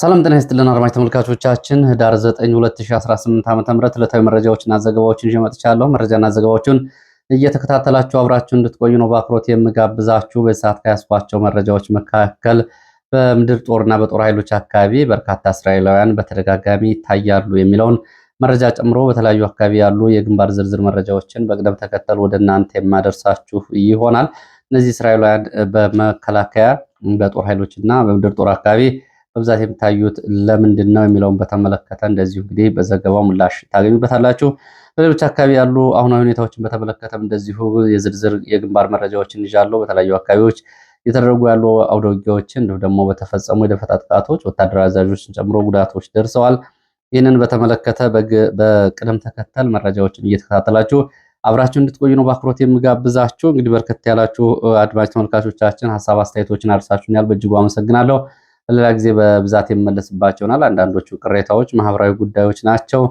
ሰላም ጤና ይስጥልን አድማጭ ተመልካቾቻችን፣ ህዳር 9 2018 ዓ.ም ዕለታዊ መረጃዎችና ዘገባዎችን ይዤ መጥቻለሁ። መረጃና ዘገባዎቹን እየተከታተላችሁ አብራችሁ እንድትቆዩ ነው በአክብሮት የምጋብዛችሁ። በሰዓት ከያዝኳቸው መረጃዎች መካከል በምድር ጦርና በጦር ኃይሎች አካባቢ በርካታ እስራኤላውያን በተደጋጋሚ ይታያሉ የሚለውን መረጃ ጨምሮ በተለያዩ አካባቢ ያሉ የግንባር ዝርዝር መረጃዎችን በቅደም ተከተል ወደ እናንተ የማደርሳችሁ ይሆናል። እነዚህ እስራኤላውያን በመከላከያ በጦር ኃይሎችና በምድር ጦር አካባቢ በብዛት የምታዩት ለምንድን ነው የሚለውን በተመለከተ እንደዚሁ እንግዲህ በዘገባው ምላሽ ታገኙበታላችሁ። በሌሎች አካባቢ ያሉ አሁናዊ ሁኔታዎችን በተመለከተም እንደዚሁ የዝርዝር የግንባር መረጃዎችን ይዣለሁ። በተለያዩ አካባቢዎች እየተደረጉ ያሉ አውደ እንዲሁ እንዲሁም ደግሞ በተፈጸሙ የደፈጣ ጥቃቶች ወታደራዊ አዛዦችን ጨምሮ ጉዳቶች ደርሰዋል። ይህንን በተመለከተ በቅደም ተከተል መረጃዎችን እየተከታተላችሁ አብራችሁ እንድትቆዩ ነው በአክብሮት የምጋብዛችሁ። እንግዲህ በርከት ያላችሁ አድማጭ ተመልካቾቻችን ሀሳብ አስተያየቶችን አድርሳችሁኛል፣ በእጅጉ አመሰግናለሁ። በሌላ ጊዜ በብዛት የመለስባቸው ይሆናል። አንዳንዶቹ ቅሬታዎች ማህበራዊ ጉዳዮች ናቸው።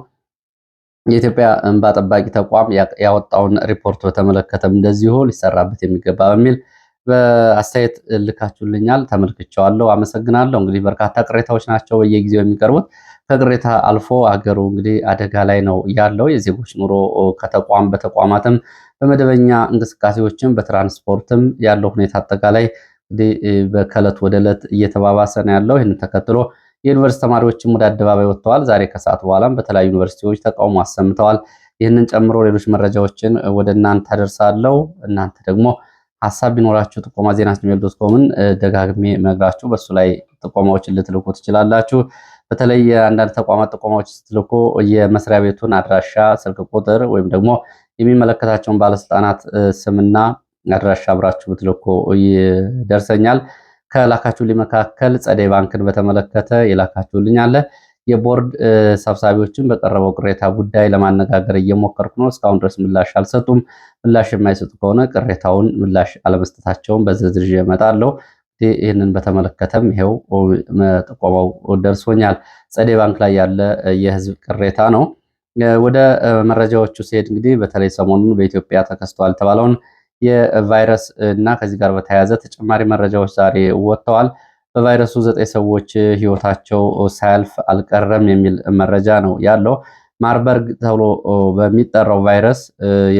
የኢትዮጵያ እንባ ጠባቂ ተቋም ያወጣውን ሪፖርት በተመለከተም እንደዚሁ ሊሰራበት የሚገባ በሚል በአስተያየት ልካችሁልኛል፣ ተመልክቸዋለሁ፣ አመሰግናለሁ። እንግዲህ በርካታ ቅሬታዎች ናቸው በየጊዜው የሚቀርቡት። ከቅሬታ አልፎ አገሩ እንግዲህ አደጋ ላይ ነው ያለው። የዜጎች ኑሮ ከተቋም በተቋማትም በመደበኛ እንቅስቃሴዎችም በትራንስፖርትም ያለው ሁኔታ አጠቃላይ ከዕለት ወደ እለት እየተባባሰ ነው ያለው። ይህን ተከትሎ የዩኒቨርሲቲ ተማሪዎችም ወደ አደባባይ ወጥተዋል። ዛሬ ከሰዓት በኋላም በተለያዩ ዩኒቨርሲቲዎች ተቃውሞ አሰምተዋል። ይህንን ጨምሮ ሌሎች መረጃዎችን ወደ እናንተ አደርሳለሁ። እናንተ ደግሞ ሀሳብ ቢኖራችሁ ጥቆማ ዜና ጂሜል ዶት ኮምን ደጋግሜ መግራችሁ በእሱ ላይ ጥቆማዎችን ልትልኩ ትችላላችሁ። በተለይ የአንዳንድ ተቋማት ጥቆማዎች ስትልኩ የመስሪያ ቤቱን አድራሻ፣ ስልክ ቁጥር ወይም ደግሞ የሚመለከታቸውን ባለስልጣናት ስምና አድራሻ አብራችሁ ብትልኮ ይደርሰኛል። ከላካችሁልኝ መካከል ጸደይ ባንክን በተመለከተ የላካችሁልኝ አለ። የቦርድ ሰብሳቢዎችን በቀረበው ቅሬታ ጉዳይ ለማነጋገር እየሞከርኩ ነው። እስካሁን ድረስ ምላሽ አልሰጡም። ምላሽ የማይሰጡ ከሆነ ቅሬታውን ምላሽ አለመስጠታቸውን በዝርዝር ይዤ እመጣለሁ። ይህንን በተመለከተም ይሄው መጠቆመው ደርሶኛል። ጸደይ ባንክ ላይ ያለ የህዝብ ቅሬታ ነው። ወደ መረጃዎቹ ሲሄድ እንግዲህ በተለይ ሰሞኑን በኢትዮጵያ ተከስቷል ተባለውን የቫይረስ እና ከዚህ ጋር በተያያዘ ተጨማሪ መረጃዎች ዛሬ ወጥተዋል። በቫይረሱ ዘጠኝ ሰዎች ህይወታቸው ሳያልፍ አልቀረም የሚል መረጃ ነው ያለው። ማርበርግ ተብሎ በሚጠራው ቫይረስ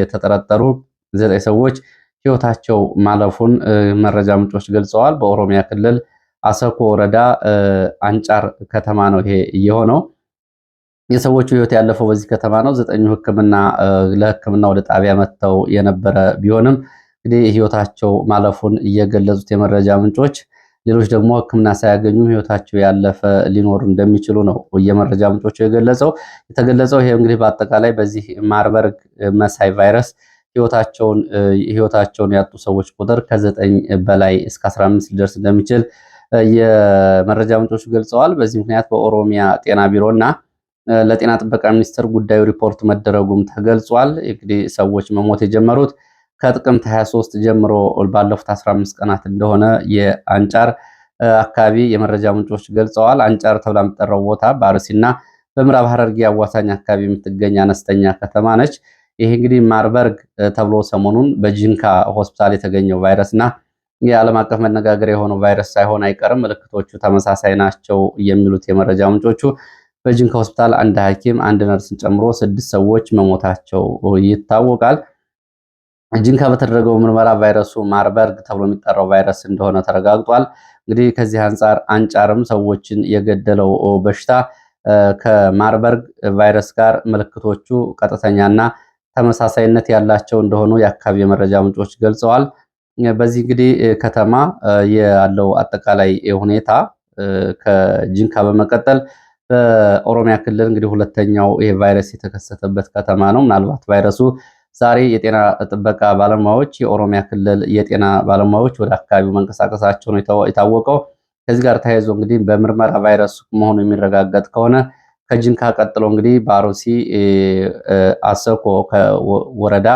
የተጠረጠሩ ዘጠኝ ሰዎች ህይወታቸው ማለፉን መረጃ ምንጮች ገልጸዋል። በኦሮሚያ ክልል አሰኮ ወረዳ አንጫር ከተማ ነው ይሄ የሆነው። የሰዎቹ ህይወት ያለፈው በዚህ ከተማ ነው። ዘጠኙ ህክምና ለህክምና ወደ ጣቢያ መጥተው የነበረ ቢሆንም እንግዲህ ህይወታቸው ማለፉን እየገለጹት የመረጃ ምንጮች፣ ሌሎች ደግሞ ህክምና ሳያገኙም ህይወታቸው ያለፈ ሊኖሩ እንደሚችሉ ነው የመረጃ ምንጮቹ የገለጸው የተገለጸው። ይሄ እንግዲህ በአጠቃላይ በዚህ ማርበርግ መሳይ ቫይረስ ህይወታቸውን ያጡ ሰዎች ቁጥር ከዘጠኝ በላይ እስከ 15 ሊደርስ እንደሚችል የመረጃ ምንጮቹ ገልጸዋል። በዚህ ምክንያት በኦሮሚያ ጤና ቢሮ እና ለጤና ጥበቃ ሚኒስቴር ጉዳዩ ሪፖርት መደረጉም ተገልጿል። እንግዲህ ሰዎች መሞት የጀመሩት ከጥቅምት 23 ጀምሮ ባለፉት 15 ቀናት እንደሆነ የአንጫር አካባቢ የመረጃ ምንጮች ገልጸዋል። አንጫር ተብላ የምትጠራው ቦታ በአርሲና በምዕራብ ሐረርጌ አዋሳኝ አካባቢ የምትገኝ አነስተኛ ከተማ ነች። ይሄ እንግዲህ ማርበርግ ተብሎ ሰሞኑን በጂንካ ሆስፒታል የተገኘው ቫይረስ እና የዓለም አቀፍ መነጋገር የሆነው ቫይረስ ሳይሆን አይቀርም፣ ምልክቶቹ ተመሳሳይ ናቸው የሚሉት የመረጃ ምንጮቹ በጅንካ ሆስፒታል አንድ ሐኪም አንድ ነርስን ጨምሮ ስድስት ሰዎች መሞታቸው ይታወቃል። ጅንካ በተደረገው ምርመራ ቫይረሱ ማርበርግ ተብሎ የሚጠራው ቫይረስ እንደሆነ ተረጋግጧል። እንግዲህ ከዚህ አንጻር አንጫርም ሰዎችን የገደለው በሽታ ከማርበርግ ቫይረስ ጋር ምልክቶቹ ቀጥተኛና ተመሳሳይነት ያላቸው እንደሆኑ የአካባቢ የመረጃ ምንጮች ገልጸዋል። በዚህ እንግዲህ ከተማ ያለው አጠቃላይ ሁኔታ ከጅንካ በመቀጠል በኦሮሚያ ክልል እንግዲህ ሁለተኛው ይሄ ቫይረስ የተከሰተበት ከተማ ነው። ምናልባት ቫይረሱ ዛሬ የጤና ጥበቃ ባለሙያዎች የኦሮሚያ ክልል የጤና ባለሙያዎች ወደ አካባቢው መንቀሳቀሳቸው ነው የታወቀው። ከዚህ ጋር ተያይዞ እንግዲህ በምርመራ ቫይረሱ መሆኑ የሚረጋገጥ ከሆነ ከጅንካ ቀጥሎ እንግዲህ በአሮሲ አሰኮ ወረዳ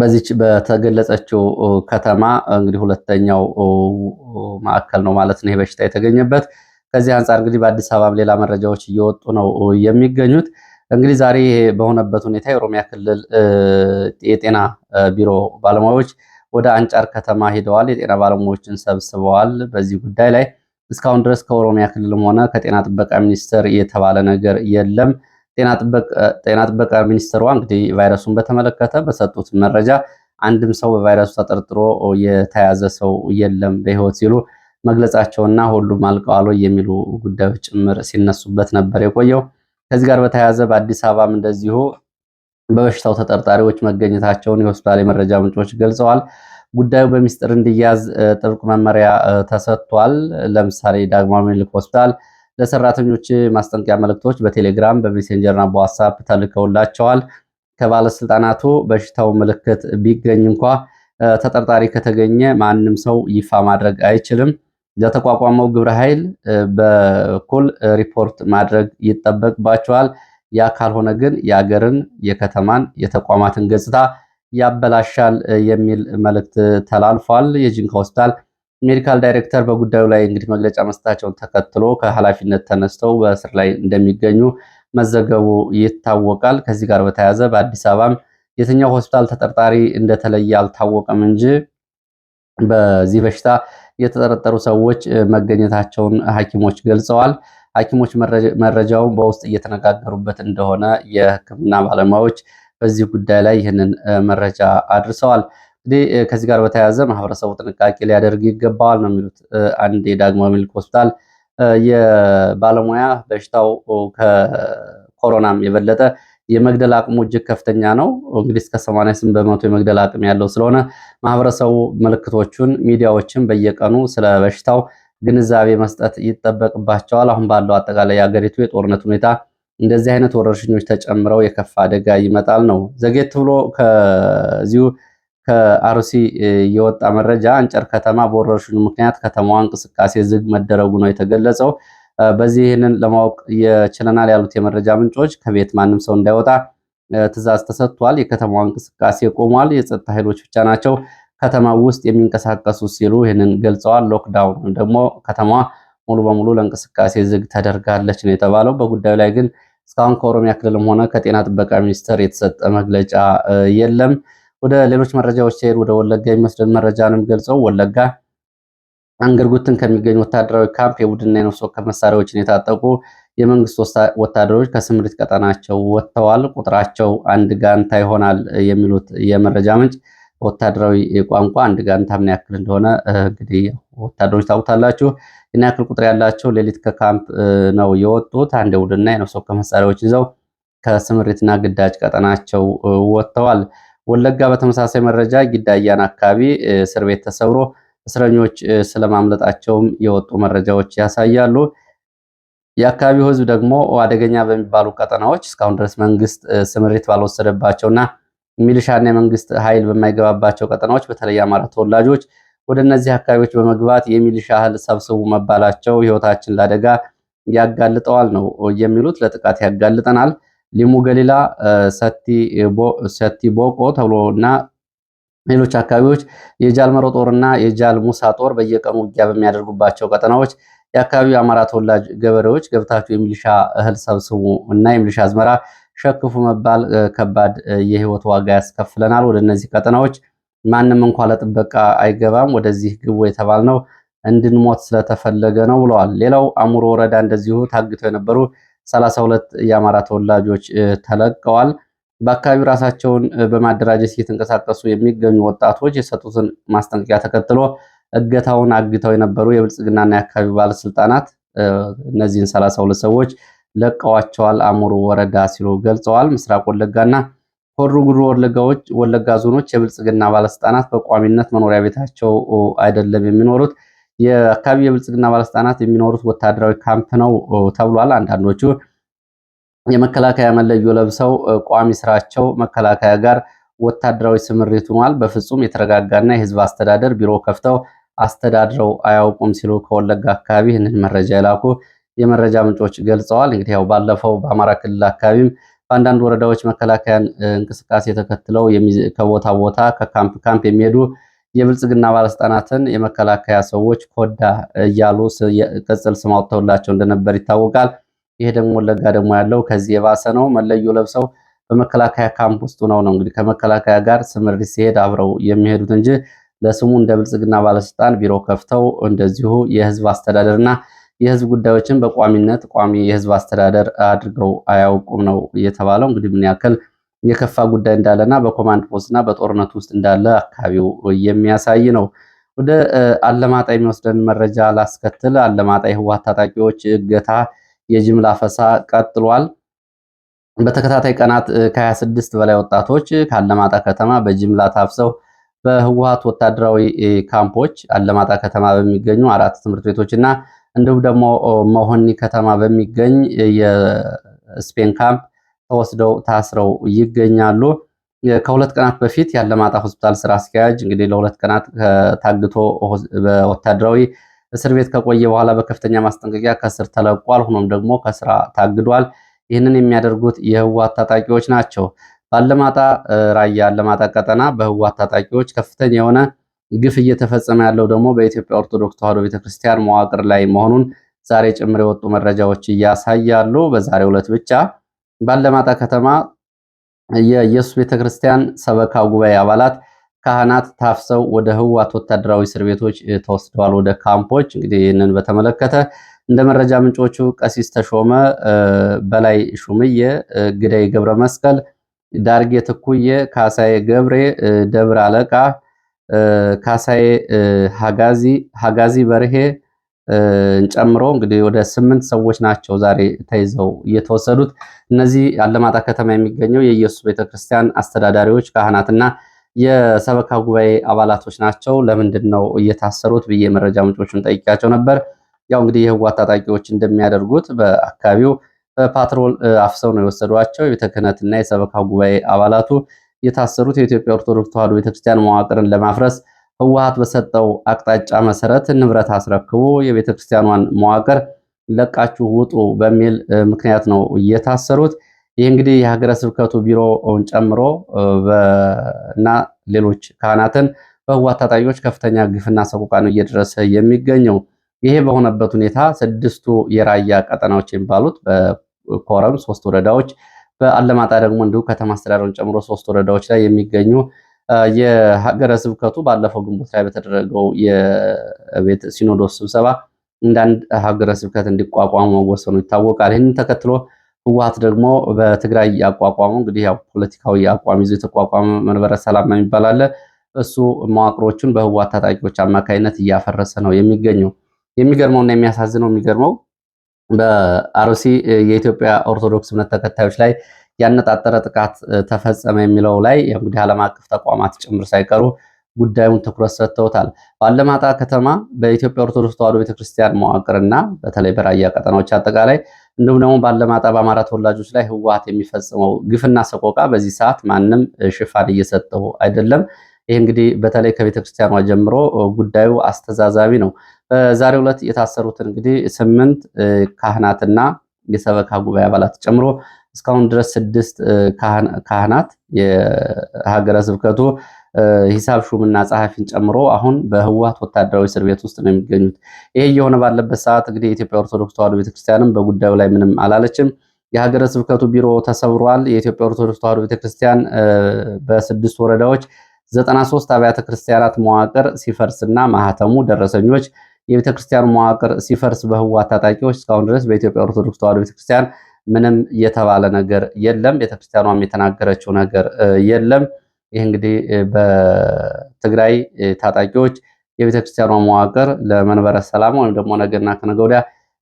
በዚች በተገለጸችው ከተማ እንግዲህ ሁለተኛው ማዕከል ነው ማለት ነው ይህ በሽታ የተገኘበት። ከዚህ አንጻር እንግዲህ በአዲስ አበባም ሌላ መረጃዎች እየወጡ ነው የሚገኙት። እንግዲህ ዛሬ በሆነበት ሁኔታ የኦሮሚያ ክልል የጤና ቢሮ ባለሙያዎች ወደ አንጫር ከተማ ሄደዋል። የጤና ባለሙያዎችን ሰብስበዋል። በዚህ ጉዳይ ላይ እስካሁን ድረስ ከኦሮሚያ ክልልም ሆነ ከጤና ጥበቃ ሚኒስቴር የተባለ ነገር የለም። ጤና ጥበቃ ሚኒስትሯ እንግዲህ ቫይረሱን በተመለከተ በሰጡት መረጃ አንድም ሰው በቫይረሱ ተጠርጥሮ የተያዘ ሰው የለም በህይወት ሲሉ መግለጻቸውና ሁሉም አልቀዋል የሚሉ ጉዳዮች ጭምር ሲነሱበት ነበር የቆየው። ከዚህ ጋር በተያያዘ በአዲስ አበባም እንደዚሁ በበሽታው ተጠርጣሪዎች መገኘታቸውን የሆስፒታል የመረጃ ምንጮች ገልጸዋል። ጉዳዩ በሚስጥር እንዲያዝ ጥብቅ መመሪያ ተሰጥቷል። ለምሳሌ ዳግማዊ ምኒልክ ሆስፒታል ለሰራተኞች ማስጠንቀቂያ መልእክቶች በቴሌግራም በሜሴንጀርና በዋትሳፕ ተልከውላቸዋል። ከባለስልጣናቱ በሽታው ምልክት ቢገኝ እንኳ ተጠርጣሪ ከተገኘ ማንም ሰው ይፋ ማድረግ አይችልም። ለተቋቋመው ግብረ ኃይል በኩል ሪፖርት ማድረግ ይጠበቅባቸዋል። ያ ካልሆነ ግን የአገርን፣ የከተማን፣ የተቋማትን ገጽታ ያበላሻል የሚል መልእክት ተላልፏል። የጂንካ ሆስፒታል ሜዲካል ዳይሬክተር በጉዳዩ ላይ እንግዲህ መግለጫ መስጠታቸውን ተከትሎ ከኃላፊነት ተነስተው በእስር ላይ እንደሚገኙ መዘገቡ ይታወቃል። ከዚህ ጋር በተያያዘ በአዲስ አበባም የትኛው ሆስፒታል ተጠርጣሪ እንደተለየ አልታወቀም እንጂ በዚህ በሽታ የተጠረጠሩ ሰዎች መገኘታቸውን ሐኪሞች ገልጸዋል። ሐኪሞች መረጃውን በውስጥ እየተነጋገሩበት እንደሆነ የሕክምና ባለሙያዎች በዚህ ጉዳይ ላይ ይህንን መረጃ አድርሰዋል። እንግዲህ ከዚህ ጋር በተያያዘ ማህበረሰቡ ጥንቃቄ ሊያደርግ ይገባዋል ነው የሚሉት አንድ የዳግማዊ ምኒልክ ሆስፒታል የባለሙያ በሽታው ከኮሮናም የበለጠ የመግደል አቅሙ እጅግ ከፍተኛ ነው። እንግዲህ እስከ 88 በመቶ የመግደል አቅም ያለው ስለሆነ ማህበረሰቡ ምልክቶቹን፣ ሚዲያዎችን በየቀኑ ስለ በሽታው ግንዛቤ መስጠት ይጠበቅባቸዋል። አሁን ባለው አጠቃላይ የሀገሪቱ የጦርነት ሁኔታ እንደዚህ አይነት ወረርሽኞች ተጨምረው የከፋ አደጋ ይመጣል ነው። ዘጌት ብሎ ከዚሁ ከአርሲ የወጣ መረጃ አንጨር ከተማ በወረርሽኙ ምክንያት ከተማዋ እንቅስቃሴ ዝግ መደረጉ ነው የተገለጸው። በዚህ ይህንን ለማወቅ የችለናል ያሉት የመረጃ ምንጮች ከቤት ማንም ሰው እንዳይወጣ ትዕዛዝ ተሰጥቷል። የከተማዋ እንቅስቃሴ ቆሟል። የጸጥታ ኃይሎች ብቻ ናቸው ከተማ ውስጥ የሚንቀሳቀሱ ሲሉ ይህንን ገልጸዋል። ሎክዳውን ደግሞ ከተማ ሙሉ በሙሉ ለእንቅስቃሴ ዝግ ተደርጋለች ነው የተባለው። በጉዳዩ ላይ ግን እስካሁን ከኦሮሚያ ክልልም ሆነ ከጤና ጥበቃ ሚኒስቴር የተሰጠ መግለጫ የለም። ወደ ሌሎች መረጃዎች ሲሄድ ወደ ወለጋ የሚወስደን መረጃንም ገልጸው ወለጋ አንገርጉትን ከሚገኝ ወታደራዊ ካምፕ የቡድንና የነፍስ ወከፍ መሳሪያዎችን የታጠቁ የመንግስት ወታደሮች ከስምሪት ቀጠናቸው ወጥተዋል። ቁጥራቸው አንድ ጋንታ ይሆናል የሚሉት የመረጃ ምንጭ ወታደራዊ ቋንቋ አንድ ጋንታ ምን ያክል እንደሆነ እንግዲህ ወታደሮች ታውቁታላችሁ። ይህን ያክል ቁጥር ያላቸው ሌሊት ከካምፕ ነው የወጡት። አንድ የቡድንና የነፍስ ወከፍ መሳሪያዎች ይዘው ከስምሪትና ግዳጅ ቀጠናቸው ወጥተዋል። ወለጋ በተመሳሳይ መረጃ ጊዳያን አካባቢ እስር ቤት ተሰብሮ እስረኞች ስለማምለጣቸውም የወጡ መረጃዎች ያሳያሉ። የአካባቢው ህዝብ ደግሞ አደገኛ በሚባሉ ቀጠናዎች እስካሁን ድረስ መንግስት ስምሪት ባልወሰደባቸውና ሚሊሻና የመንግስት ኃይል በማይገባባቸው ቀጠናዎች በተለይ አማራ ተወላጆች ወደ እነዚህ አካባቢዎች በመግባት የሚሊሻ እህል ሰብስቡ መባላቸው ህይወታችን ለአደጋ ያጋልጠዋል ነው የሚሉት። ለጥቃት ያጋልጠናል። ሊሙ ገሊላ፣ ሰቲ ቦቆ ተብሎ እና ሌሎች አካባቢዎች የጃልመሮ ጦርና የጃል ሙሳ ጦር በየቀኑ ውጊያ በሚያደርጉባቸው ቀጠናዎች የአካባቢው አማራ ተወላጅ ገበሬዎች ገብታችሁ የሚሊሻ እህል ሰብስቡ እና የሚሊሻ አዝመራ ሸክፉ መባል ከባድ የህይወት ዋጋ ያስከፍለናል። ወደ እነዚህ ቀጠናዎች ማንም እንኳ ለጥበቃ አይገባም። ወደዚህ ግቡ የተባልነው እንድንሞት ስለተፈለገ ነው ብለዋል። ሌላው አሙሮ ወረዳ እንደዚሁ ታግተው የነበሩ ሰላሳ ሁለት የአማራ ተወላጆች ተለቀዋል። በአካባቢው ራሳቸውን በማደራጀት እየተንቀሳቀሱ የሚገኙ ወጣቶች የሰጡትን ማስጠንቀቂያ ተከትሎ እገታውን አግተው የነበሩ የብልጽግናና የአካባቢው ባለስልጣናት እነዚህን 32 ሰዎች ለቀዋቸዋል አሙሩ ወረዳ ሲሉ ገልጸዋል። ምስራቅ ወለጋና ሆሮ ጉዱሩ ወለጋዎች ወለጋ ዞኖች የብልጽግና ባለስልጣናት በቋሚነት መኖሪያ ቤታቸው አይደለም የሚኖሩት። የአካባቢ የብልጽግና ባለስልጣናት የሚኖሩት ወታደራዊ ካምፕ ነው ተብሏል። አንዳንዶቹ የመከላከያ መለዮ ለብሰው ቋሚ ስራቸው መከላከያ ጋር ወታደራዊ ስምሪት ሆኗል። በፍጹም የተረጋጋና የህዝብ አስተዳደር ቢሮ ከፍተው አስተዳድረው አያውቁም ሲሉ ከወለጋ አካባቢ ይህንን መረጃ የላኩ የመረጃ ምንጮች ገልጸዋል። እንግዲህ ያው ባለፈው በአማራ ክልል አካባቢም በአንዳንድ ወረዳዎች መከላከያን እንቅስቃሴ ተከትለው ከቦታ ቦታ ከካምፕ ካምፕ የሚሄዱ የብልጽግና ባለስልጣናትን የመከላከያ ሰዎች ኮዳ እያሉ ቅጽል ስም አውጥተውላቸው እንደነበር ይታወቃል። ይሄ ደግሞ ወለጋ ደግሞ ያለው ከዚህ የባሰ ነው። መለዮ ለብሰው በመከላከያ ካምፕ ውስጥ ነው ነው እንግዲህ ከመከላከያ ጋር ስምሪት ሲሄድ አብረው የሚሄዱት እንጂ ለስሙ እንደ ብልጽግና ባለስልጣን ቢሮ ከፍተው እንደዚሁ የህዝብ አስተዳደርና የህዝብ ጉዳዮችን በቋሚነት ቋሚ የህዝብ አስተዳደር አድርገው አያውቁም ነው የተባለው። እንግዲህ ምን ያክል የከፋ ጉዳይ እንዳለና በኮማንድ ፖስትና በጦርነት ውስጥ እንዳለ አካባቢው የሚያሳይ ነው። ወደ አለማጣ የሚወስደን መረጃ ላስከትል። አለማጣ የህወሓት ታጣቂዎች እገታ የጅምላ ፈሳ ቀጥሏል። በተከታታይ ቀናት ከ26 በላይ ወጣቶች ከአለማጣ ከተማ በጅምላ ታፍሰው በህወሀት ወታደራዊ ካምፖች አለማጣ ከተማ በሚገኙ አራት ትምህርት ቤቶች እና እንዲሁም ደግሞ መሆኒ ከተማ በሚገኝ የስፔን ካምፕ ተወስደው ታስረው ይገኛሉ። ከሁለት ቀናት በፊት የአለማጣ ሆስፒታል ስራ አስኪያጅ እንግዲህ ለሁለት ቀናት ታግቶ በወታደራዊ እስር ቤት ከቆየ በኋላ በከፍተኛ ማስጠንቀቂያ ከስር ተለቋል። ሆኖም ደግሞ ከስራ ታግዷል። ይህንን የሚያደርጉት የህወሓት ታጣቂዎች ናቸው። ባለማጣ ራያ አለማጣ ቀጠና በህወሓት ታጣቂዎች ከፍተኛ የሆነ ግፍ እየተፈጸመ ያለው ደግሞ በኢትዮጵያ ኦርቶዶክስ ተዋሕዶ ቤተክርስቲያን መዋቅር ላይ መሆኑን ዛሬ ጭምር የወጡ መረጃዎች እያሳያሉ። በዛሬው ዕለት ብቻ ባለማጣ ከተማ የኢየሱስ ቤተክርስቲያን ሰበካ ጉባኤ አባላት ካህናት ታፍሰው ወደ ህወሓት ወታደራዊ እስር ቤቶች ተወስደዋል፣ ወደ ካምፖች። እንግዲህ ይህንን በተመለከተ እንደ መረጃ ምንጮቹ ቀሲስ ተሾመ በላይ፣ ሹምዬ ግዳይ፣ ገብረ መስቀል ዳርጌ፣ ትኩዬ ካሳዬ፣ ገብሬ ደብረ አለቃ ካሳዬ፣ ሀጋዚ ሀጋዚ በርሄ ጨምሮ እንግዲህ ወደ ስምንት ሰዎች ናቸው ዛሬ ተይዘው የተወሰዱት። እነዚህ አለማጣ ከተማ የሚገኘው የኢየሱስ ቤተክርስቲያን አስተዳዳሪዎች ካህናትና የሰበካ ጉባኤ አባላቶች ናቸው። ለምንድን ነው እየታሰሩት ብዬ መረጃ ምንጮቹን ጠይቄያቸው ነበር። ያው እንግዲህ የህወሓት ታጣቂዎች እንደሚያደርጉት በአካባቢው በፓትሮል አፍሰው ነው የወሰዷቸው። የቤተ ክህነትና የሰበካ ጉባኤ አባላቱ የታሰሩት የኢትዮጵያ ኦርቶዶክስ ተዋሕዶ ቤተክርስቲያን መዋቅርን ለማፍረስ ህወሓት በሰጠው አቅጣጫ መሰረት ንብረት አስረክቦ የቤተክርስቲያኗን መዋቅር ለቃችሁ ውጡ በሚል ምክንያት ነው እየታሰሩት። ይህ እንግዲህ የሀገረ ስብከቱ ቢሮውን ጨምሮ እና ሌሎች ካህናትን በህወሓት ታጣቂዎች ከፍተኛ ግፍና ሰቆቃ ነው እየደረሰ የሚገኘው። ይሄ በሆነበት ሁኔታ ስድስቱ የራያ ቀጠናዎች የሚባሉት በኮረም ሶስት ወረዳዎች፣ በአለማጣ ደግሞ እንዲሁ ከተማ አስተዳደሩን ጨምሮ ሶስት ወረዳዎች ላይ የሚገኙ የሀገረ ስብከቱ ባለፈው ግንቦት ላይ በተደረገው የቤት ሲኖዶስ ስብሰባ እንዳንድ ሀገረ ስብከት እንዲቋቋሙ መወሰኑ ይታወቃል። ይህንን ተከትሎ ህወሓት ደግሞ በትግራይ ያቋቋመው እንግዲህ ያው ፖለቲካዊ አቋም ይዞ የተቋቋመ መንበረ ሰላም የሚባል አለ። እሱ መዋቅሮቹን በህወሓት ታጣቂዎች አማካይነት እያፈረሰ ነው የሚገኘው። የሚገርመው እና የሚያሳዝነው የሚገርመው በአርሲ የኢትዮጵያ ኦርቶዶክስ እምነት ተከታዮች ላይ ያነጣጠረ ጥቃት ተፈጸመ የሚለው ላይ እንግዲህ ዓለም አቀፍ ተቋማት ጭምር ሳይቀሩ ጉዳዩን ትኩረት ሰጥተውታል። በአለማጣ ከተማ በኢትዮጵያ ኦርቶዶክስ ተዋሕዶ ቤተክርስቲያን መዋቅርና በተለይ በራያ ቀጠናዎች አጠቃላይ እንዲሁም ደግሞ ባለማጣ በአማራ ተወላጆች ላይ ህወሀት የሚፈጽመው ግፍና ሰቆቃ በዚህ ሰዓት ማንም ሽፋን እየሰጠው አይደለም። ይህ እንግዲህ በተለይ ከቤተ ክርስቲያኗ ጀምሮ ጉዳዩ አስተዛዛቢ ነው። በዛሬ ዕለት የታሰሩትን እንግዲህ ስምንት ካህናትና የሰበካ ጉባኤ አባላት ጨምሮ እስካሁን ድረስ ስድስት ካህናት የሀገረ ስብከቱ ሂሳብ ሹምና ጸሐፊን ጨምሮ አሁን በህወሓት ወታደራዊ እስር ቤት ውስጥ ነው የሚገኙት። ይሄ እየሆነ ባለበት ሰዓት እንግዲህ የኢትዮጵያ ኦርቶዶክስ ተዋሕዶ ቤተክርስቲያንም በጉዳዩ ላይ ምንም አላለችም። የሀገረ ስብከቱ ቢሮ ተሰብሯል። የኢትዮጵያ ኦርቶዶክስ ተዋህዶ ቤተክርስቲያን በስድስት ወረዳዎች ዘጠና ሶስት አብያተ ክርስቲያናት መዋቅር ሲፈርስና ማህተሙ ደረሰኞች የቤተክርስቲያኑ መዋቅር ሲፈርስ በህወሓት ታጣቂዎች እስካሁን ድረስ በኢትዮጵያ ኦርቶዶክስ ተዋሕዶ ቤተክርስቲያን ምንም የተባለ ነገር የለም። ቤተክርስቲያኗም የተናገረችው ነገር የለም። ይህ እንግዲህ በትግራይ ታጣቂዎች የቤተክርስቲያኗ መዋቅር ለመንበረ ሰላም ወይም ደግሞ ነገና ከነገ ወዲያ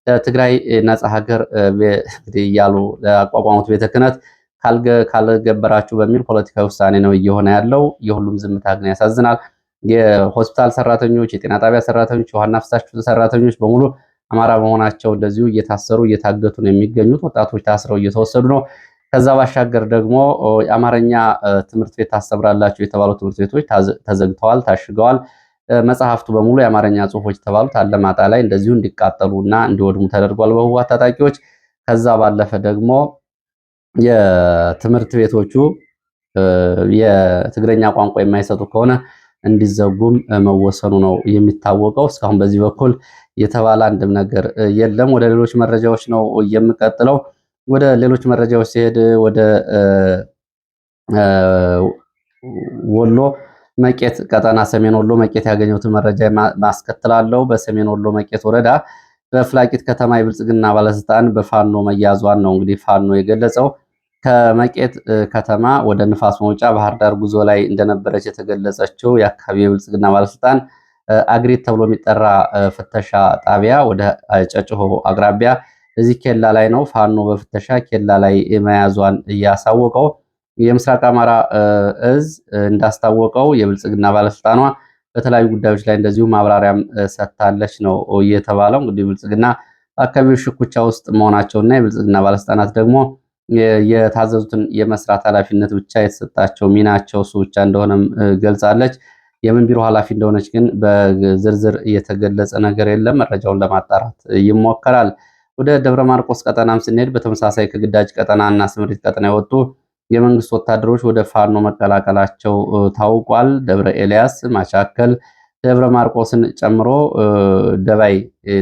ለትግራይ ነጻ ሀገር እያሉ ለአቋቋሙት ቤተ ክህነት ካልገበራችሁ በሚል ፖለቲካዊ ውሳኔ ነው እየሆነ ያለው። የሁሉም ዝምታ ግን ያሳዝናል። የሆስፒታል ሰራተኞች፣ የጤና ጣቢያ ሰራተኞች፣ የውሃና ፍሳሽ ሰራተኞች በሙሉ አማራ በመሆናቸው እንደዚሁ እየታሰሩ እየታገቱ ነው የሚገኙት። ወጣቶች ታስረው እየተወሰዱ ነው። ከዛ ባሻገር ደግሞ የአማርኛ ትምህርት ቤት ታስተምራላችሁ የተባሉ ትምህርት ቤቶች ተዘግተዋል፣ ታሽገዋል። መጽሐፍቱ በሙሉ የአማርኛ ጽሁፎች የተባሉት አለማጣ ላይ እንደዚሁ እንዲቃጠሉና እንዲወድሙ ተደርጓል በህወሓት ታጣቂዎች። ከዛ ባለፈ ደግሞ የትምህርት ቤቶቹ የትግረኛ ቋንቋ የማይሰጡ ከሆነ እንዲዘጉም መወሰኑ ነው የሚታወቀው። እስካሁን በዚህ በኩል የተባለ አንድም ነገር የለም። ወደ ሌሎች መረጃዎች ነው የምቀጥለው። ወደ ሌሎች መረጃዎች ሲሄድ ወደ ወሎ መቄት ቀጠና ሰሜን ወሎ መቄት ያገኘሁትን መረጃ ማስከትላለው። በሰሜን ወሎ መቄት ወረዳ በፍላቂት ከተማ የብልጽግና ባለስልጣን በፋኖ መያዟን ነው እንግዲህ ፋኖ የገለጸው። ከመቄት ከተማ ወደ ንፋስ መውጫ ባህር ዳር ጉዞ ላይ እንደነበረች የተገለጸችው የአካባቢው የብልጽግና ባለስልጣን አግሪት ተብሎ የሚጠራ ፍተሻ ጣቢያ ወደ ጨጭሆ አቅራቢያ እዚህ ኬላ ላይ ነው ፋኖ በፍተሻ ኬላ ላይ መያዟን እያሳወቀው። የምስራቅ አማራ እዝ እንዳስታወቀው የብልጽግና ባለስልጣኗ በተለያዩ ጉዳዮች ላይ እንደዚሁ ማብራሪያም ሰጥታለች ነው እየተባለው። እንግዲህ ብልጽግና በአካባቢው ሽኩቻ ውስጥ መሆናቸውና የብልጽግና ባለስልጣናት ደግሞ የታዘዙትን የመስራት ኃላፊነት ብቻ የተሰጣቸው ሚናቸው እሱ ብቻ እንደሆነም ገልጻለች። የምን ቢሮ ኃላፊ እንደሆነች ግን በዝርዝር እየተገለጸ ነገር የለም። መረጃውን ለማጣራት ይሞከራል። ወደ ደብረ ማርቆስ ቀጠናም ስንሄድ በተመሳሳይ ከግዳጅ ቀጠናና ስምሪት ቀጠና የወጡ የመንግስት ወታደሮች ወደ ፋኖ መቀላቀላቸው ታውቋል። ደብረ ኤልያስ፣ ማቻከል፣ ደብረ ማርቆስን ጨምሮ ደባይ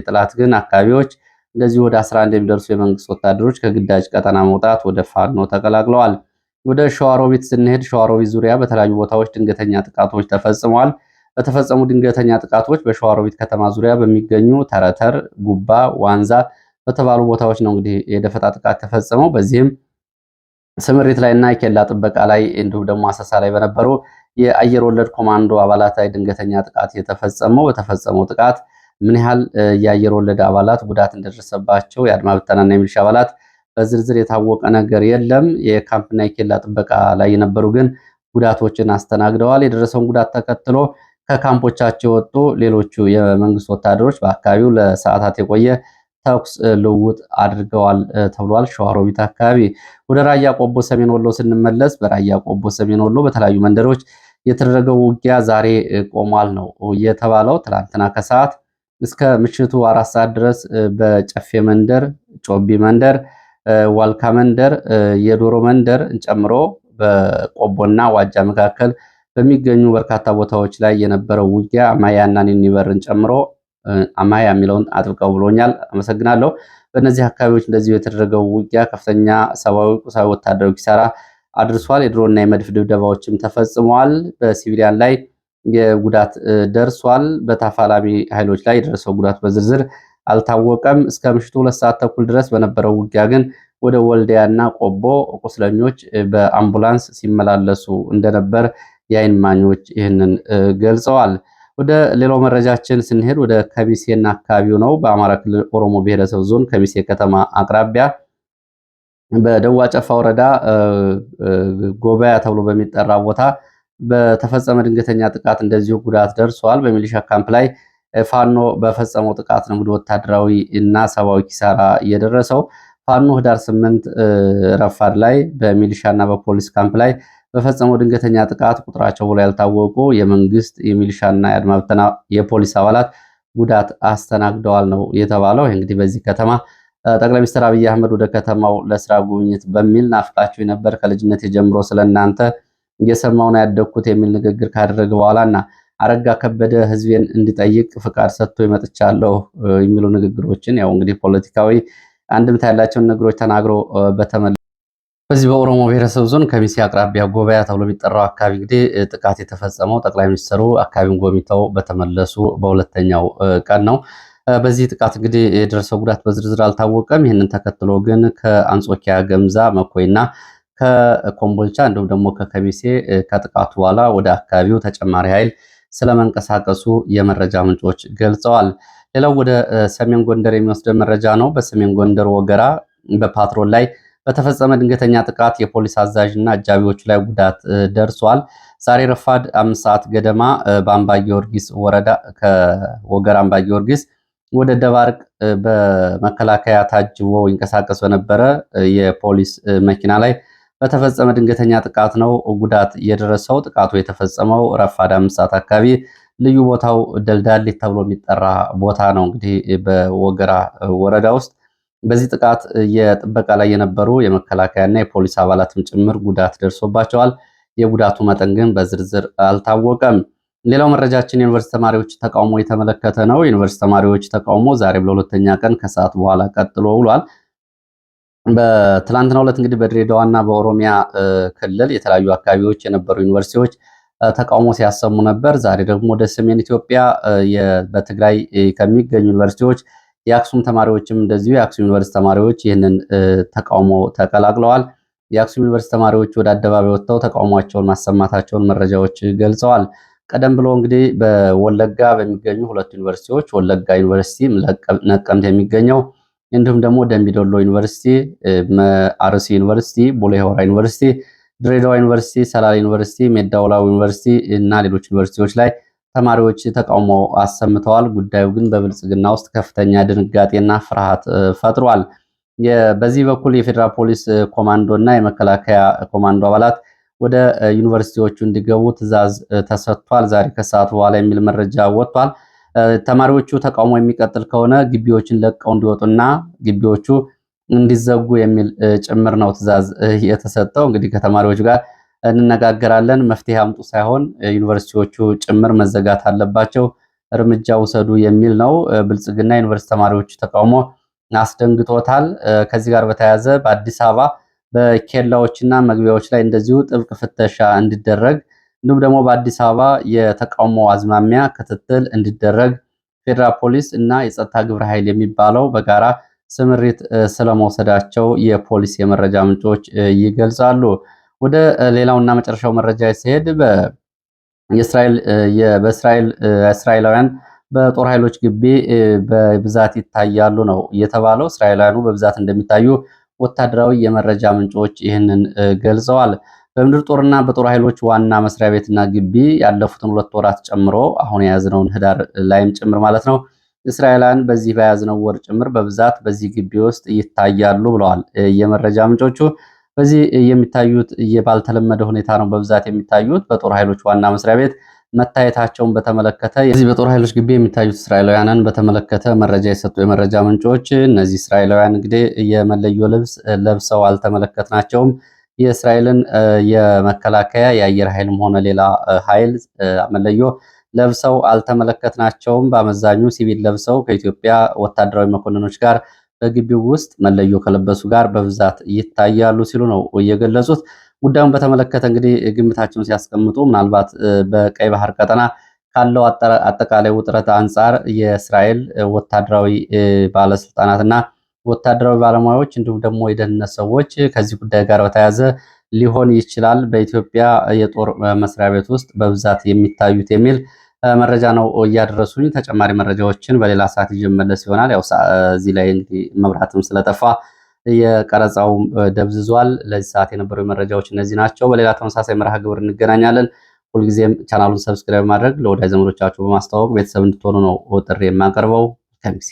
ጥላት ግን አካባቢዎች እንደዚህ ወደ 11 የሚደርሱ የመንግስት ወታደሮች ከግዳጅ ቀጠና መውጣት ወደ ፋኖ ተቀላቅለዋል። ወደ ሸዋሮቢት ስንሄድ ሸዋሮቢት ዙሪያ በተለያዩ ቦታዎች ድንገተኛ ጥቃቶች ተፈጽመዋል። በተፈጸሙ ድንገተኛ ጥቃቶች በሸዋሮቢት ከተማ ዙሪያ በሚገኙ ተረተር፣ ጉባ፣ ዋንዛ በተባሉ ቦታዎች ነው እንግዲህ የደፈጣ ጥቃት ተፈጸመው። በዚህም ስምሪት ላይ እና ኬላ ጥበቃ ላይ እንዲሁም ደግሞ አሰሳ ላይ በነበሩ የአየር ወለድ ኮማንዶ አባላት ላይ ድንገተኛ ጥቃት የተፈጸመው። በተፈጸመው ጥቃት ምን ያህል የአየር ወለድ አባላት ጉዳት እንደደረሰባቸው የአድማ ብተናና የሚሊሻ አባላት በዝርዝር የታወቀ ነገር የለም። የካምፕና የኬላ ጥበቃ ላይ የነበሩ ግን ጉዳቶችን አስተናግደዋል። የደረሰውን ጉዳት ተከትሎ ከካምፖቻቸው የወጡ ሌሎቹ የመንግስት ወታደሮች በአካባቢው ለሰዓታት የቆየ ተኩስ ልውውጥ አድርገዋል ተብሏል። ሸዋሮቢት አካባቢ ወደ ራያ ቆቦ ሰሜን ወሎ ስንመለስ በራያ ቆቦ ሰሜን ወሎ በተለያዩ መንደሮች የተደረገው ውጊያ ዛሬ ቆሟል ነው የተባለው። ትላንትና ከሰዓት እስከ ምሽቱ አራት ሰዓት ድረስ በጨፌ መንደር፣ ጮቢ መንደር፣ ዋልካ መንደር፣ የዶሮ መንደር ጨምሮ በቆቦና ዋጃ መካከል በሚገኙ በርካታ ቦታዎች ላይ የነበረው ውጊያ ማያና ኒኒበርን ጨምሮ አማያ የሚለውን አጥብቀው ብሎኛል። አመሰግናለሁ። በእነዚህ አካባቢዎች እንደዚሁ የተደረገው ውጊያ ከፍተኛ ሰብአዊ፣ ቁሳዊ፣ ወታደራዊ ኪሳራ አድርሷል። የድሮና የመድፍ ድብደባዎችም ተፈጽመዋል። በሲቪሊያን ላይ ጉዳት ደርሷል። በተፋላሚ ኃይሎች ላይ የደረሰው ጉዳት በዝርዝር አልታወቀም። እስከ ምሽቱ ሁለት ሰዓት ተኩል ድረስ በነበረው ውጊያ ግን ወደ ወልዲያና ቆቦ ቁስለኞች በአምቡላንስ ሲመላለሱ እንደነበር የአይን ማኞች ይህንን ገልጸዋል። ወደ ሌላው መረጃችን ስንሄድ ወደ ከሚሴና አካባቢው ነው። በአማራ ክልል ኦሮሞ ብሔረሰብ ዞን ከሚሴ ከተማ አቅራቢያ በደዋ ጨፋ ወረዳ ጎበያ ተብሎ በሚጠራ ቦታ በተፈጸመ ድንገተኛ ጥቃት እንደዚሁ ጉዳት ደርሷል። በሚሊሻ ካምፕ ላይ ፋኖ በፈጸመው ጥቃት ነው እንግዲህ ወታደራዊ እና ሰብአዊ ኪሳራ እየደረሰው ፋኖ ህዳር ስምንት ረፋድ ላይ በሚሊሻ እና በፖሊስ ካምፕ ላይ በፈጸመው ድንገተኛ ጥቃት ቁጥራቸው ብሎ ያልታወቁ የመንግስት የሚሊሻና የአድማብተና የፖሊስ አባላት ጉዳት አስተናግደዋል ነው የተባለው። እንግዲህ በዚህ ከተማ ጠቅላይ ሚኒስትር አብይ አህመድ ወደ ከተማው ለስራ ጉብኝት በሚል ናፍቃችሁ ነበር ከልጅነት የጀምሮ ስለእናንተ እየሰማውን ያደግኩት የሚል ንግግር ካደረገ እና አረጋ ከበደ ህዝቤን እንዲጠይቅ ፍቃድ ሰጥቶ ይመጥቻለሁ የሚሉ ንግግሮችን ያው እንግዲህ ፖለቲካዊ አንድምታ ያላቸውን ንግግሮች ተናግሮ በተመለ በዚህ በኦሮሞ ብሔረሰብ ዞን ከሚሴ አቅራቢያ ጎበያ ተብሎ የሚጠራው አካባቢ እንግዲህ ጥቃት የተፈጸመው ጠቅላይ ሚኒስትሩ አካባቢውን ጎብኝተው በተመለሱ በሁለተኛው ቀን ነው። በዚህ ጥቃት እንግዲህ የደረሰው ጉዳት በዝርዝር አልታወቀም። ይህንን ተከትሎ ግን ከአንጾኪያ ገምዛ መኮይና ከኮምቦልቻ እንዲሁም ደግሞ ከከሚሴ ከጥቃቱ በኋላ ወደ አካባቢው ተጨማሪ ኃይል ስለመንቀሳቀሱ የመረጃ ምንጮች ገልጸዋል። ሌላው ወደ ሰሜን ጎንደር የሚወስደን መረጃ ነው። በሰሜን ጎንደር ወገራ በፓትሮል ላይ በተፈጸመ ድንገተኛ ጥቃት የፖሊስ አዛዥ እና አጃቢዎቹ ላይ ጉዳት ደርሷል። ዛሬ ረፋድ አምስት ሰዓት ገደማ በአምባ ጊዮርጊስ ወረዳ ከወገር አምባ ጊዮርጊስ ወደ ደባርቅ በመከላከያ ታጅቦ ይንቀሳቀስ በነበረ የፖሊስ መኪና ላይ በተፈጸመ ድንገተኛ ጥቃት ነው ጉዳት የደረሰው። ጥቃቱ የተፈጸመው ረፋድ አምስት ሰዓት አካባቢ ልዩ ቦታው ደልዳሌ ተብሎ የሚጠራ ቦታ ነው። እንግዲህ በወገራ ወረዳ ውስጥ በዚህ ጥቃት የጥበቃ ላይ የነበሩ የመከላከያና የፖሊስ አባላትም ጭምር ጉዳት ደርሶባቸዋል። የጉዳቱ መጠን ግን በዝርዝር አልታወቀም። ሌላው መረጃችን የዩኒቨርሲቲ ተማሪዎች ተቃውሞ የተመለከተ ነው። የዩኒቨርሲቲ ተማሪዎች ተቃውሞ ዛሬም ለሁለተኛ ቀን ከሰዓት በኋላ ቀጥሎ ውሏል። በትላንትናው ዕለት እንግዲህ በድሬዳዋና በኦሮሚያ ክልል የተለያዩ አካባቢዎች የነበሩ ዩኒቨርሲቲዎች ተቃውሞ ሲያሰሙ ነበር። ዛሬ ደግሞ ወደ ሰሜን ኢትዮጵያ በትግራይ ከሚገኙ ዩኒቨርሲቲዎች የአክሱም ተማሪዎችም እንደዚሁ የአክሱም ዩኒቨርሲቲ ተማሪዎች ይህንን ተቃውሞ ተቀላቅለዋል። የአክሱም ዩኒቨርሲቲ ተማሪዎች ወደ አደባባይ ወጥተው ተቃውሟቸውን ማሰማታቸውን መረጃዎች ገልጸዋል። ቀደም ብሎ እንግዲህ በወለጋ በሚገኙ ሁለት ዩኒቨርሲቲዎች ወለጋ ዩኒቨርሲቲ ነቀምት የሚገኘው እንዲሁም ደግሞ ደምቢዶሎ ዩኒቨርሲቲ፣ አርሲ ዩኒቨርሲቲ፣ ቡሌ ሆራ ዩኒቨርሲቲ፣ ድሬዳዋ ዩኒቨርሲቲ፣ ሰላሌ ዩኒቨርሲቲ፣ ሜዳ ወላቡ ዩኒቨርሲቲ እና ሌሎች ዩኒቨርሲቲዎች ላይ ተማሪዎች ተቃውሞ አሰምተዋል። ጉዳዩ ግን በብልጽግና ውስጥ ከፍተኛ ድንጋጤና ፍርሃት ፈጥሯል። በዚህ በኩል የፌዴራል ፖሊስ ኮማንዶ እና የመከላከያ ኮማንዶ አባላት ወደ ዩኒቨርሲቲዎቹ እንዲገቡ ትዕዛዝ ተሰጥቷል። ዛሬ ከሰዓት በኋላ የሚል መረጃ ወጥቷል። ተማሪዎቹ ተቃውሞ የሚቀጥል ከሆነ ግቢዎችን ለቀው እንዲወጡና ግቢዎቹ እንዲዘጉ የሚል ጭምር ነው ትዕዛዝ የተሰጠው። እንግዲህ ከተማሪዎች ጋር እንነጋገራለን። መፍትሄ አምጡ ሳይሆን ዩኒቨርሲቲዎቹ ጭምር መዘጋት አለባቸው፣ እርምጃ ውሰዱ የሚል ነው። ብልጽግና ዩኒቨርሲቲ ተማሪዎች ተቃውሞ አስደንግጦታል። ከዚህ ጋር በተያያዘ በአዲስ አበባ በኬላዎችና መግቢያዎች ላይ እንደዚሁ ጥብቅ ፍተሻ እንዲደረግ እንዲሁም ደግሞ በአዲስ አበባ የተቃውሞ አዝማሚያ ክትትል እንዲደረግ ፌዴራል ፖሊስ እና የጸጥታ ግብረ ኃይል የሚባለው በጋራ ስምሪት ስለመውሰዳቸው የፖሊስ የመረጃ ምንጮች ይገልጻሉ። ወደ ሌላውና መጨረሻው መረጃ ሲሄድ እስራኤላውያን በጦር ኃይሎች ግቢ በብዛት ይታያሉ ነው የተባለው። እስራኤላውያኑ በብዛት እንደሚታዩ ወታደራዊ የመረጃ ምንጮች ይህንን ገልጸዋል። በምድር ጦርና በጦር ኃይሎች ዋና መስሪያ ቤትና ግቢ ያለፉትን ሁለት ወራት ጨምሮ አሁን የያዝነውን ህዳር ላይም ጭምር ማለት ነው እስራኤላውያን በዚህ በያዝነው ወር ጭምር በብዛት በዚህ ግቢ ውስጥ ይታያሉ ብለዋል የመረጃ ምንጮቹ። በዚህ የሚታዩት ባልተለመደ ሁኔታ ነው በብዛት የሚታዩት። በጦር ኃይሎች ዋና መስሪያ ቤት መታየታቸውን በተመለከተ የዚህ በጦር ኃይሎች ግቢ የሚታዩት እስራኤላውያንን በተመለከተ መረጃ የሰጡ የመረጃ ምንጮች እነዚህ እስራኤላውያን እንግዲህ የመለዮ ልብስ ለብሰው አልተመለከትናቸውም። የእስራኤልን የመከላከያ የአየር ኃይልም ሆነ ሌላ ኃይል መለዮ ለብሰው አልተመለከትናቸውም። በአመዛኙ ሲቪል ለብሰው ከኢትዮጵያ ወታደራዊ መኮንኖች ጋር በግቢው ውስጥ መለዮ ከለበሱ ጋር በብዛት ይታያሉ ሲሉ ነው የገለጹት። ጉዳዩን በተመለከተ እንግዲህ ግምታቸውን ሲያስቀምጡ ምናልባት በቀይ ባህር ቀጠና ካለው አጠቃላይ ውጥረት አንጻር የእስራኤል ወታደራዊ እና ወታደራዊ ባለሙያዎች እንዲሁም ደግሞ የደህንነት ሰዎች ከዚህ ጉዳይ ጋር በተያያዘ ሊሆን ይችላል በኢትዮጵያ የጦር መስሪያ ቤት ውስጥ በብዛት የሚታዩት የሚል መረጃ ነው እያደረሱኝ። ተጨማሪ መረጃዎችን በሌላ ሰዓት ይጀመለስ መለስ ይሆናል። ያው እዚህ ላይ እንግዲህ መብራትም ስለጠፋ የቀረጻው ደብዝዟል። ለዚህ ሰዓት የነበሩ መረጃዎች እነዚህ ናቸው። በሌላ ተመሳሳይ መርሃ ግብር እንገናኛለን። ሁልጊዜም ቻናሉን ሰብስክራይብ ማድረግ ለወዳጅ ዘመዶቻችሁ በማስተዋወቅ ቤተሰብ እንድትሆኑ ነው ጥሪ የማቀርበው። ከሚሴ